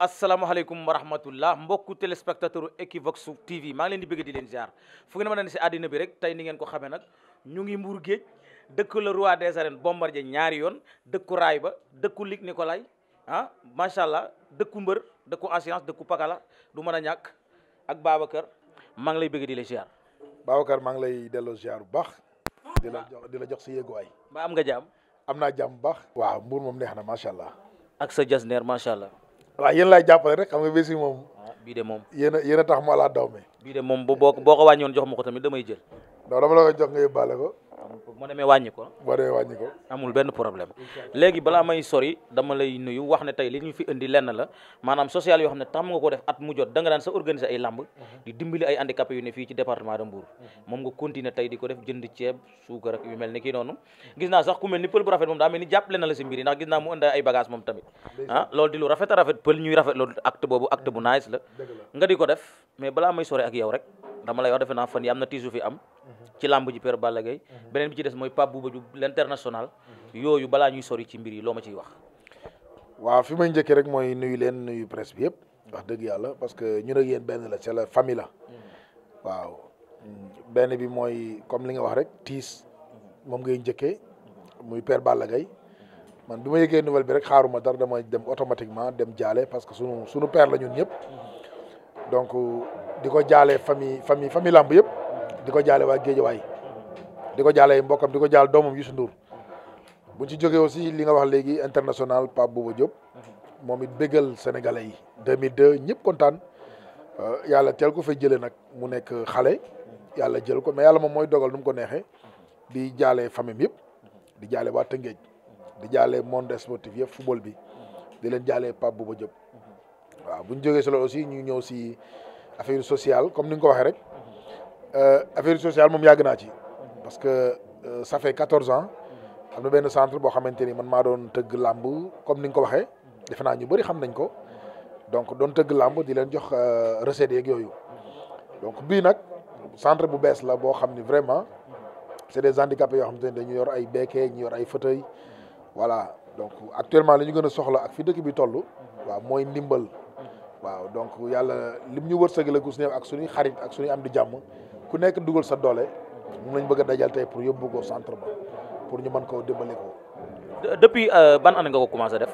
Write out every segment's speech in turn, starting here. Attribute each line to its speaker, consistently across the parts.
Speaker 1: asalaamaaleykum wa rahmatullah mbokku téléspectateur Equivox TV maa ngi leen di bëgg di leen ziar fu ngeen mën a ne si àddina bi rek tey ni ngeen ko xamee nag ñu ngi mbuur géej dëkk le roi des arènes Bombardier ñaari yoon dëkku raay ba dëkku Luc Nicolaï ah macha allah dëkku mbër dëkku assurance dëkku pakala du mën a ñàkk ak Babacar maa ngi lay bëgg di la ziar.
Speaker 2: Babacar maa ngi lay delloo ziar bu baax. di la jox di la jox si yéeguwaay. ba am nga jàmm. am naa jàmm bu baax. waaw mbuur moom neex na macha allah.
Speaker 1: ak sa jasneer macha waaw yéen
Speaker 2: laay jàppale rek xam nga bés yi moom. Ah, bii de moom yéen a yéen a tax ma laa daw me.
Speaker 1: bii de moom boo boo ko wàññoon jox ma ko tamit damay jël.
Speaker 2: non dama la koy jox nga yóbbaale ko. wàññi ko.
Speaker 1: moo demee wàññi ko. amul benn problème léegi balaa may sori dama lay nuyu wax ne tey li ñu fi indi lenn la maanaam social yoo xam ne tàmm nga ko def at mu jot da nga daan sa organiser ay di dimbali ay handicapés yu ne fii ci département de ko def jënd ceeb suukar ak yu mel ni kii noonu. gis naa sax ku mel ni pël bu rafet moom daa mel ni jàppale na la si mbir yi ndax tamit. ah loolu di lu rafet a rafet pël ñuy rafet loolu acte boobu acte bu nice la. nga di ko def mais balaa may sori ak yow rek dama lay wax defe naa fan yi am na tiisu fi am ci làmb ji Père Balla Gaye beneen bi ci des mooy Pape Bouba Diop l'international yooyu balaa ñuy sori ci mbir yi loo ma ciy wax
Speaker 2: waaw fi may njëkkee rek mooy nuyu leen nuyu presse yëpp wax dëgg yàlla parce que ñun yéen benn la c'est la benn bi mooy comme li nga wax rek tiis moom ngay njëkkee muy Père Balla Gaye man bi ma yëgee nouvelle bi rek xaaruma dara dama dem automatiquement dem jaale parce que su sunu per la ñun ñëpp di ko jaale famille famille famille làmb yëpp di ko jaale waa Géejawaay di ko jaale mbokkam di ko jaal doomam Youssou Ndour buñ ci jógee aussi li nga wax léegi international Pape Bouba Diop moom it béggal sénégalais yi 2002 ñëpp kontaan euh, yàlla teel ko fay jëlee nag mu nekk xale yàlla jël ko mais yàlla moom mooy dogal nu mu ko neexee di jaale famille yëpp di jaale waa di jaale monde sportif yëpp football bi di leen jaale Pape Bouba Diop waaw buñ jógee si aussi ñu ñëw si. affaire sociale comme ni nga ko waxee rek euh, affaire sociale moom yàgg naa ci parce que euh, ça fait quatorze ans am na benn centre boo xamante ni man maa doon tëgg làmb comme ni nga ko waxee defe naa ñu bëri xam nañ ko donc doon tëgg làmb di leen jox euh, recettes yeeg yooyu donc bii nag centre bu bees la boo xam ni vraiment c'est des handicapés yoo xam te ne dañu yor ay béquets ñu yor ay fauteuils voilà donc actuellement li ñu gën a soxla ak fi dëkk bi toll waaw mooy ndimbal waaw donc yàlla lim ñu wërsëgale ku si nekk ak suñuy xarit ak suñuy am di jàmm ku nekk dugal sa doole moom lañ bëgg a dajal tey pour yóbbu ko centre pour ñu mën koo dimbali ko.
Speaker 1: depuis euh, ban année nga ko commencé def.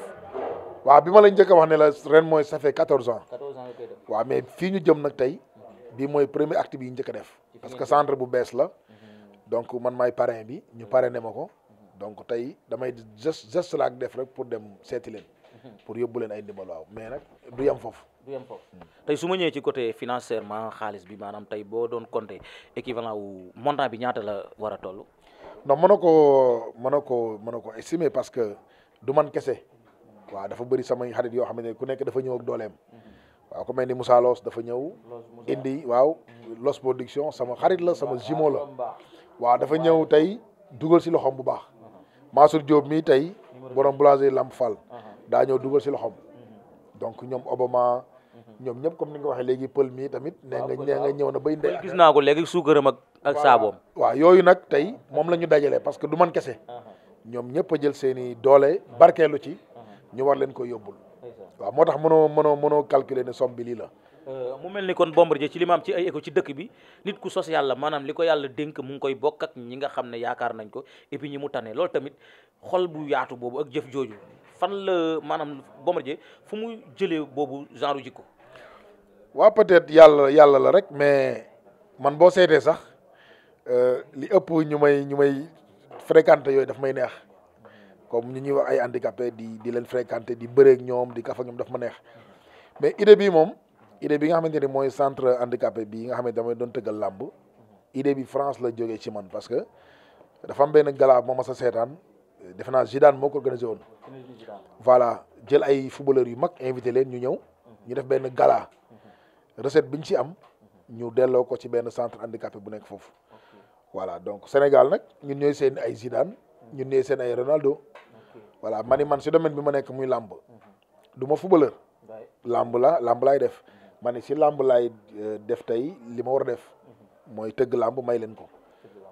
Speaker 2: waaw bi ma la njëkk wax ne la ren mooy sa fait quatorze ans. quatorze ans la waaw mais fii ñu jëm nag tey bi mooy premier acte ñu njëkk a def. parce que centre bu bees la. Mhm. donc man maay parrain bi ñu parrainé ma ko. Mhm. donc tey damay geste geste laa def rek pour dem seeti leen. Mhm. pour yóbbu leen ay ndimbal waaw mais nag du yem foofu. du yem hmm. foofu
Speaker 1: tey su ma ñëwee ci côté financièrement xaalis bi maanaam tey boo doon compter équivalent wu montant bi ñaata la war a toll.
Speaker 2: non mën na koo mën na koo mën na koo estimer parce que du man kese waa dafa bëri sama xarit yoo xam ne ku nekk dafa ñëw ak dooleem. Hmm. waaw ku mel ni Moussa Los dafa ñëw indi waaw hmm. Los production sama xarit la sama jumeau la waaw dafa ñëw tey dugal si loxoom bu baax Mansour Diop mii tey borom boulanger Lamp Fall daa ñëw dugal si loxoom donc ñoom Obama Mm-hmm. ñoom ñëpp comme ni nga waxee léegi pël mii tamit nee nga ñëw na bay ndey gis naa ko léegi suukaram ak saaboom waaw yooyu nag tey moom la ñu dajalee parce que du man kese uh-huh. ñoom ñëpp a jël seen doole uh-huh. barkeelu ci uh-huh. ñu war leen ko yóbbul waaw moo tax mënoo mënoo mënoo calculer ne somme bi lii la
Speaker 1: uh, mu mel ni kon Bombardier ci li ma am ci ay écho ci dëkk bi nit ku sos yàlla maanaam li ko yàlla dénk mu ngi koy bokk ak ñi nga xam ne yaakaar nañ ko et puis ñi mu tane loolu tamit xol bu yaatu boobu fan la maanaam Bombardier fu mu jëlee boobu genre jikko
Speaker 2: waaw peut-être yàlla yàlla la rek mais man boo seetee sax euh, li ëpp ñu may ñu may fréquenté yooyu daf may neex comme ñu ñuy wax ay handicapé di di leen fréquenté di bëreeg ñoom di kafa ñoom daf ma neex mais idée bi moom idée bi nga xamante ni mooy centre handicapé bi nga xam xamante damay doon tëggal làmb idée bi France la jógee ci man parce que dafa am benn gala moo ma sa seetaan def naa Zidane moo ko organisé woon voilà jël ay footballeurs yu mag invité leen ñu ñëw ñu def benn gala recette bi ci am ñu delloo ko ci benn centre handicapé bu nekk foofu voilà donc Sénégal nag ñu ñooy seen ay Zidane ñu ñooy seen ay Ronaldo voilà mani man si domaine bi ma nekk muy làmb du ma footballeur làmb la làmb laay def ma si làmb laay euh, def tey li ma war a def mooy tëgg làmb may leen ko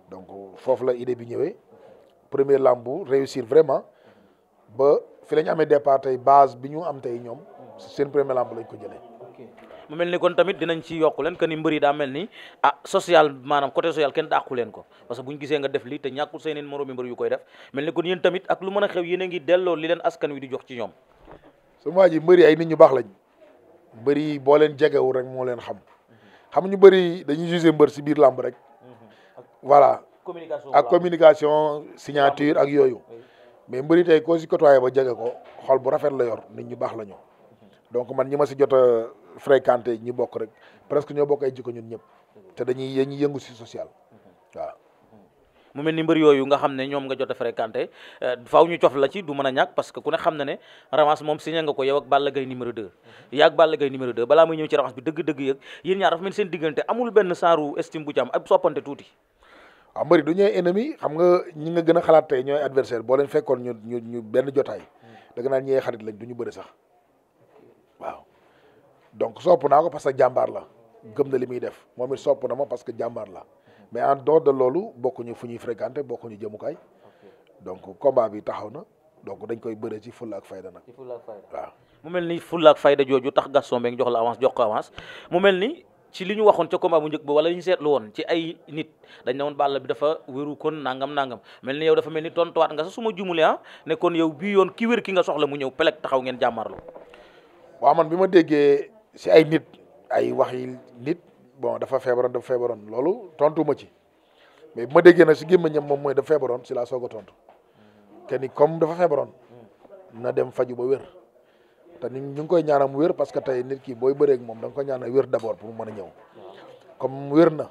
Speaker 2: donc foofu la idée bi ñëwee premier làmb réussir vraiment ba fi la amee départ base bi ñu am tey ñoom seen premier lamb lañ ko jëlee.
Speaker 1: mu mel ni kon tamit dinañ ci yokk leen que ni mbër yi daa mel ni ah social maanaam côté social kenn dàqu leen ko parce que bu ñu gisee nga def lii te ñàkkul seen i moromi yu koy def mel ni kon yéen tamit ak lu mën a xew yéen a ngi delloo li leen askan wi di jox ci ñoom.
Speaker 2: sama waa ji mbër ay nit ñu baax lañ mbër yi boo leen jegewul rek moo leen xam xam ñu bëri dañuy jugé mbër si biir làmb rek. Mhm. voilà communication ak communication signature ak yooyu. mais mbëri tey koo si côtoyé ba jege ko xol bu rafet la yor nit ñu baax la ñu donc man ñi ma si jot a fréquenté ñi bokk rek presque ñoo bokk ay jikko ñun ñëpp te dañuy dañuy yëngu si social waaw.
Speaker 1: mu mel ni mbër yooyu nga xam ne ñoom nga jot a fréquenté euh, faaw ñu cof la ci du mën a ñàkk parce que ku ne xam na ne revanche moom signé nga ko yow Balla Gaye numéro 2. Mhm. yaa Balla Gaye numéro 2 balaa muy ñëw ci revanche bi dëgg-dëgg yëg yéen ñaar dafa mel seen diggante amul benn saaru estime am ak
Speaker 2: soppante tuuti. waaw ah, bari du ñooy ennemi xam nga ñi nga gën a xalaat tey ñooy adversaire boo leen fekkoon ñu ñu ñu benn jotaay hmm. da nga naan ñee xarit lañ du ñu bëri sax waaw donc sopp naa ko parce que jàmbaar la gëm na li muy def moom it sopp na ma parce que jàmbaar la mais en dehors de loolu bokkuñu fu ñuy fréquenté bokkuñu jëmukaay donc combat bi taxaw na donc dañ koy bëre ci fulla ak fayda nag. ci fulla ak
Speaker 1: mu mel ni fulla ak fayda jooju tax Gaston Mbengue jox la avance jox ko avance m mel ni ci li ñu waxoon ca combat bu njëkk wala ñu seetlu woon ci ay nit dañ ne woon Balla bi dafa wéru kon nangam nangam mel ni yow dafa mel ni tontuwaat nga sax su ma a ah ne kon yow bii yoon ki wér ki nga soxla mu ñëw pelek xaw ngeen jàmmarloo.
Speaker 2: waaw man bi ma déggee si ay nit ay wax yi nit bon dafa feebaroon dafa feebaroon loolu tontu ma ci mais bi ma déggee nag si gémmiñam moom mooy dafa feebaroon si la soog ton tontu te ni dafa feebaroon na dem faju ba wér. te ñu ngi koy ñaanam wér parce que tey nit ki booy bëreeg moom da nga koy ñaanal wér d'abord pour mu mën ñëw comme wér na.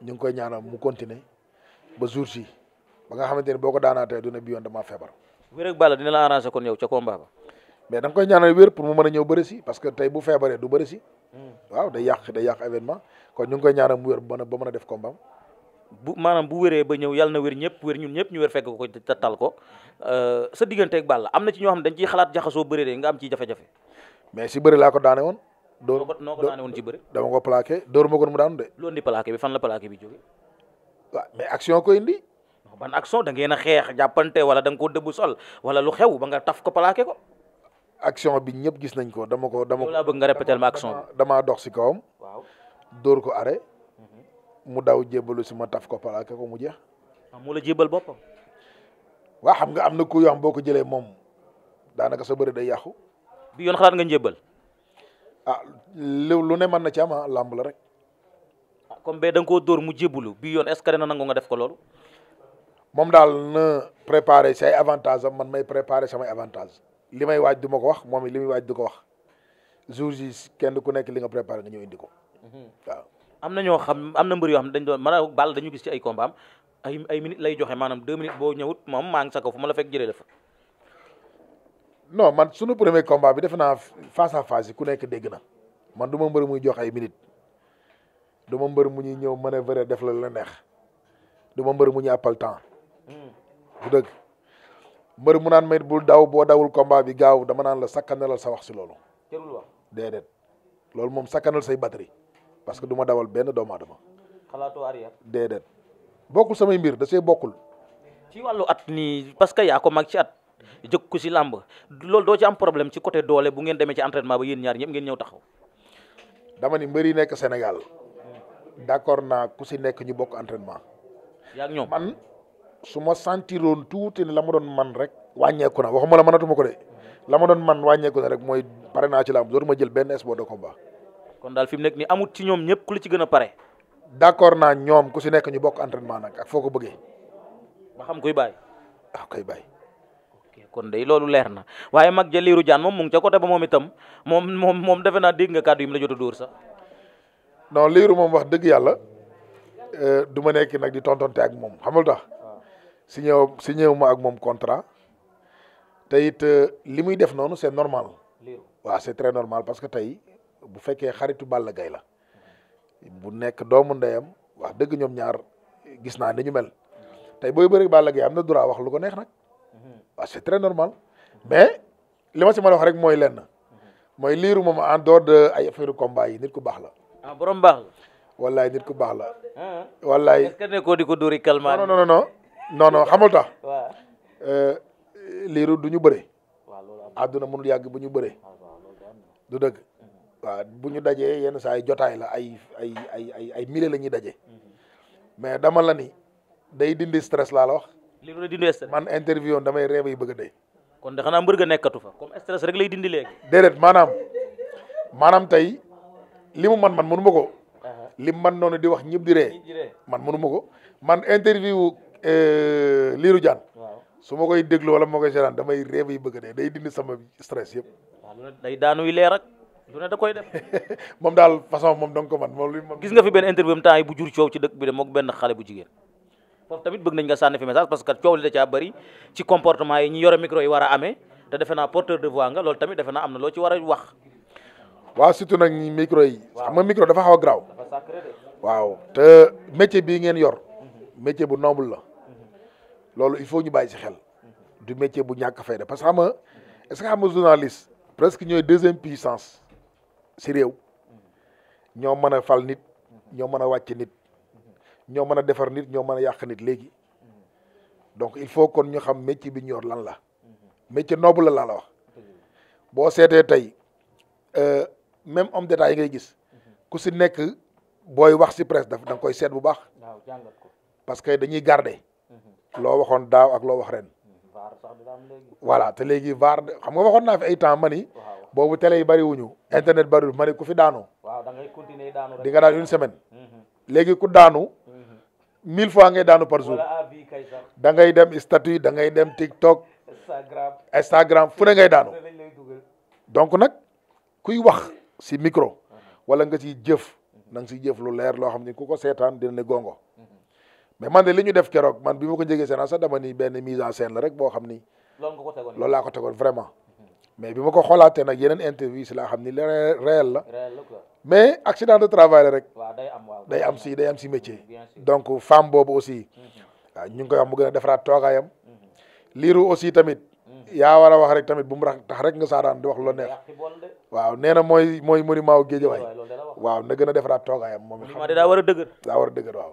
Speaker 2: ñu ngi koy ñaanal mu continuer ba jour si ba nga xamante ne boo ko daanaatee du ne bi yoon damaa feebar.
Speaker 1: wér ak Balla dina la arrangé kon yow ca combat ba.
Speaker 2: mais da koy ñaanal wér pour mu mën a ñëw bëri si parce que tey bu feebaree du bëri si. Hmm. waaw day yàq day yàq événement kon ñu ngi koy ñaanal mu wér ba mën a def combat
Speaker 1: bu maanaam bu wéree ba ñëw yàlla na wér ñëpp wér ñun ñëpp ñu wér fekk ko te tal ko euh, sa digganteeg Balla am na ci ñoo xam dañ ciy xalaat jaxasoo bëri de nga am ciy jafe-jafe.
Speaker 2: mais si bëri laa ko daane woon door noo ko daane woon ci bëri dama ko plaqué dóor ma ko mu daanu de.
Speaker 1: loolu di plaqué bi fan la plaqué bi jóge mais action ko indi. ban action da ngeen a xeex jàppante wala da nga koo dëbb sol wala lu xew ba nga taf ko palaake ko.
Speaker 2: action bi ñëpp gis nañ ko dama ko. dama ko laa bëgg nga répéter damaa dox si kawam. waaw dóor ko are mhm. mu daw jébalu si ma taf ko palaake ko mu jeex. Ah, moo la jébal boppam. waa xam nga am na ku yoo boo ko jëlee moom daanaka sa bëri day yàqu. bi yoon xalaat nga njébal. ah lu ne mën na ci am ah làmb la rek.
Speaker 1: Ah, comme bee da nga mu jébulu bi yoon est ce que dina nangu nga def ko loolu.
Speaker 2: moom daal na préparer say avantage am man may préparer samay avantage li may waaj du ma ko wax moom li muy waaj du ko wax jour yi kenn ku nekk li nga préparé nga ñëw indi ko
Speaker 1: mhm. waaw. am na ñoo xam am na mbër yoo xam dañ doon dañu gis ci ay combat am ay ay lay joxe maanaam deux minutes boo ñëwut moom maa ngi sa ko la fekk jëlee fa.
Speaker 2: non man suñu premier combat bi defe naa face à face yi ku nekk dégg na man du ma mbër muy jox ay minutes du ma mbër mu ñuy ñëw manœuvrer def la la neex du ma mbër mu ñuy appal hmm. dëgg mbër mu naan may bul daw boo dawul combat bi gaaw dama naan la sakkanalal sa wax si loolu. jarul loolu moom sakkanal say batri parce que du ma dawal benn doomu aadama. xalaatoo arrière. déedéet bokkul samay mbir da see bokkul.
Speaker 1: ci wàllu at nii parce que yaa ko mag ci at. jëkk ko si làmb loolu doo ci am problème ci côté doole bu ngeen demee ci entraînement ba yéen ñaar ñëpp ngeen ñëw taxaw.
Speaker 2: dama ni mbër yi nekk Sénégal d'accord naa ku si nekk ñu bokk entraînement. yaa ñoom man su ma sentiroon tuuti ne la ma doon man rek wàññeeku na waxuma la mënatuma ko de la ma doon man wàññeeku na rek mooy pare naa ci làmb dootuma jël benn sport de combat.
Speaker 1: kon daal fi mu nekk nii amut ci ñoom ñëpp ku ci gën a pare.
Speaker 2: d'accord naa ñoom ku si nekk ñu bokk entraînement nag ak foo ko bëggee.
Speaker 1: ba xam koy bàyyi. ah kuy bàyyi. kon day loolu leer na waaye mag ja liiru jaan moom mu ngi ca côté ba moom itam moom moom moom defe naa dégg nga kàddu yi la jot a dóor sax.
Speaker 2: non liiru moom wax dëgg yàlla euh, du ma nekk nag di tontonte ak moom xamul tax si ñëw si ñëw ma ak moom contrat te it euh, li muy def noonu c'est normal. waaw c'est très normal parce que tey bu fekkee xaritu Balla gay la bu nekk doomu ndeyam wax dëgg ñoom ñaar gis naa ni ñu mel hmm. tey booy bëri Balla Gaye am na droit wax lu ko neex nag. waaw ah, c'est très normal mais li ma si mën a rek mooy lenn mooy liiru moom en de ay affaire combat yi nit ku baax la. ah borom baax la. wallaay nit ku baax la. Ah. wallaay est-ce
Speaker 1: que nekkoo di ko dóori calmant. non
Speaker 2: non euh, liiru du ñu bëre. àdduna mënul yàgg bu ñu bëree. Ah, du dëgg. waaw bu ñu dajee yenn saa yi jotaay la ay ay ay ay ay mille la ñuy daje. Mhm. mais dama la day dindi stress laa la wax. livre dindi stress man interview damay réew yi bëgg a
Speaker 1: kon de xanaa mbër ga nekkatu fa comme stress rek lay dindi léegi.
Speaker 2: déedéet maanaam maanaam tey li mu man man mënu ma ko. li man noonu di wax ñëpp di ree man mënu ma ko man interview euh, Lirou Diane. su ma koy déglu wala ma koy seetaan damay réew yi bëgg a dee day dindi sama stress yëpp.
Speaker 1: waaw lu ne day leer ak
Speaker 2: lu koy def. moom daal façon moom da nga ko man gis nga fi benn interview am temps yi bu jur coow ci dëkk
Speaker 1: bi de moog benn xale bu jigéen. foofu tamit bëgg nañ nga sànni fi message parce que coow li da caa bëri ci comportement yi ñi yore micro yi war a amee te defe naa porteur de voix nga loolu tamit defe naa am na loo ci war a wax.
Speaker 2: waaw surtout nag micro yi. xam nga micro dafa xaw a garaaw. waaw te métier bii ngeen yor. Mhm. métier bu noble la. Mhm. loolu il faut ñu bàyyi si xel. du métier bu ñàkk fayda parce que xam nga est-ce que xam nga journaliste. presque ñooy deuxième puissance si réew. Mhm. ñoo mën a fal nit. ñoo mën a wàcc nit. ñoo mën a defar nit ñoo mën a léegi donc il faut kon ñu xam métier bi ñu yor lan la métier noobu la la la wax boo seetee tey euh, même homme d'état yi ngay gis ku si nekk booy wax si presse danga koy seet bu baax parce que dañuy garder mhm. loo waxoon daaw ak loo wax ren
Speaker 1: mhm.
Speaker 2: voilà te léegi vaar xam nga waxoon naa fi ay temps ma boobu télé yi bëri wuñu internet bëriwul ma ku fi daanu
Speaker 1: di nga daan une semaine mhm.
Speaker 2: léegi ku daanu mille fois ngay daanu par jour da ngay dem statut da ngay dem TikTok Instagram fu ne ngay daanu donc nag kuy wax si micro uh-huh. wala nga ciy jëf uh-huh. na nga siy jëf lu leer loo xam ni ku ko seetaan dina ne gongo uh-huh. mais man de li ñu def keroog man bi ma ko njëgee seen sax dama ni benn mise en scène la rek boo xam ni.
Speaker 1: loolu laa ko tegoon
Speaker 2: vraiment. mais bi ma ko xoolaatee nag yeneen interview si laa xam ni réel la. mais accident de travail la rek. day am si day am si métier. donc femme boobu aussi. waaw ñu ngi koy wax mu gën a defaraat toogaayam. Mhm. liiru aussi tamit. Mhm. yaa war a wax rek tamit bu mu tax rek nga saaraan di wax lu ne waaw nee na mooy mooy monument wu Guédiawaye waaw na gën a defaraat toogaayam moom it. xam daa war a war a dëgër waaw.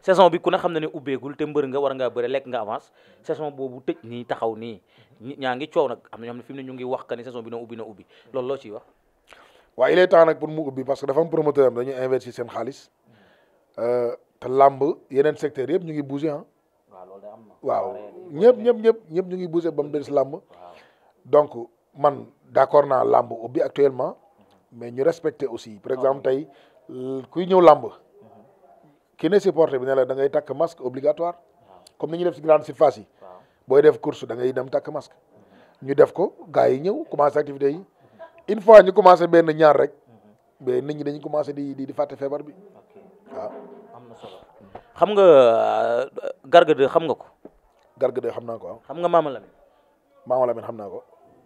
Speaker 1: saison bi ku ne xam na ne ubbeegul te mbër nga war ngaa bëre lekk nga avance saison boobu tëj nii taxaw nii ñaa ngi coow nag am na ñoo ne fi mu ne ñu ngi wax que ni saison bi na ubbi na ubbi loolu loo ciy wax.
Speaker 2: waaye il est temps nag pour mu ubbi parce que dafa am promoteur am dañuy investir seen xaalis euh, te làmb yeneen secteur yëpp ñu ngi bougé ah. waaw am waaw ñëpp ñëpp ñëpp ñëpp ñu ngi bougé ba mu si làmb. donc man d'accord naa làmb ubbi actuellement. mais ñu respecté aussi par exemple ah, tey kuy ñëw làmb. Mhm. ki ne supporter bi ne la dangay ngay takk masque obligatoire. comme ni ñu def si grande surface yi. booy def course da ngay dem takk masque. Mhm. ñu def ko gars yi ñëw commencé activité yi. une fois ñu commencé benn ñaar rek mais nit ñi dañu commencé di di fàtte feebar bi waaw. na solo xam nga euh, Garga 2 xam nga ko. Garga xam naa ko xam nga
Speaker 1: Mama Lamine. Mama Lamine xam naa ko.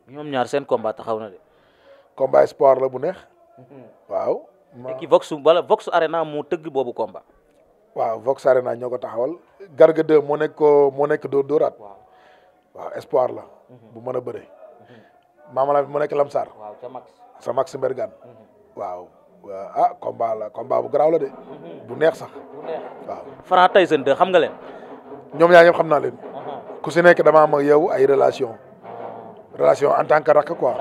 Speaker 1: ñoom ñaar seen combat taxaw na de.
Speaker 2: komba espoir la bu neex.
Speaker 1: waaw. ma Vox wala Vox Arena moo tëgg boobu komba
Speaker 2: waaw Vox Arena ñoo ko taxawal. Garga 2 moo nekk ko moo nekk dóor dóoraat. waaw espoir la. Mhm. bu mën a bëree. maamala bi mu nekk Lamsar. waaw ca Max. sa Max Mbergane. waaw ah combat la combat bu garaaw la de. bu neex sax. bu neex
Speaker 1: waaw. xam nga
Speaker 2: leen. ñoom ñaar xam naa leen. Uh-huh. ku si nekk damaa am yow ay relation uh-huh. relation en tant que rakk quoi.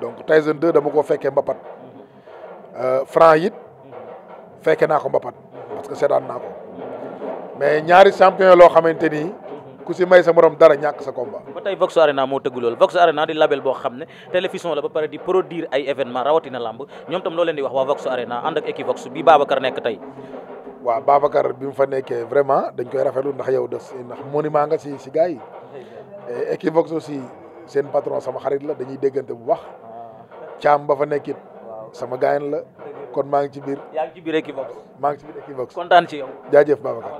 Speaker 2: donc Tyson 2 dama ko fekkee mbapat. Euh, Franc it fekke naa ko mbapat. Uh-huh. parce que seetaan naa ko. mais ñaari champion loo xamante ni. ku si may sa morom dara ñàkk sa combat.
Speaker 1: ba tey Vox Arena moo tëgg loolu Vox Arena di label bo xam ne télévision la ba pare di produire ay événement rawatina lamb ñoom tam loo leen di wax waa Vox Arena ànd ak Equivox bi Babacar nekk tey.
Speaker 2: waaw Babacar bi mu fa nekkee vraiment dañ koy rafetlu ndax yow des ndax monument nga si si gars yi. Equivox aussi seen patron sama xarit la dañuy déggante bu baax. caam ba fa nekkit sama gaayan la kon maa ngi ci biir.
Speaker 1: yaa ngi ci biir Equivox. maa ngi ci biir Equivox. kontaan ci yow.
Speaker 2: jaajëf Babacar.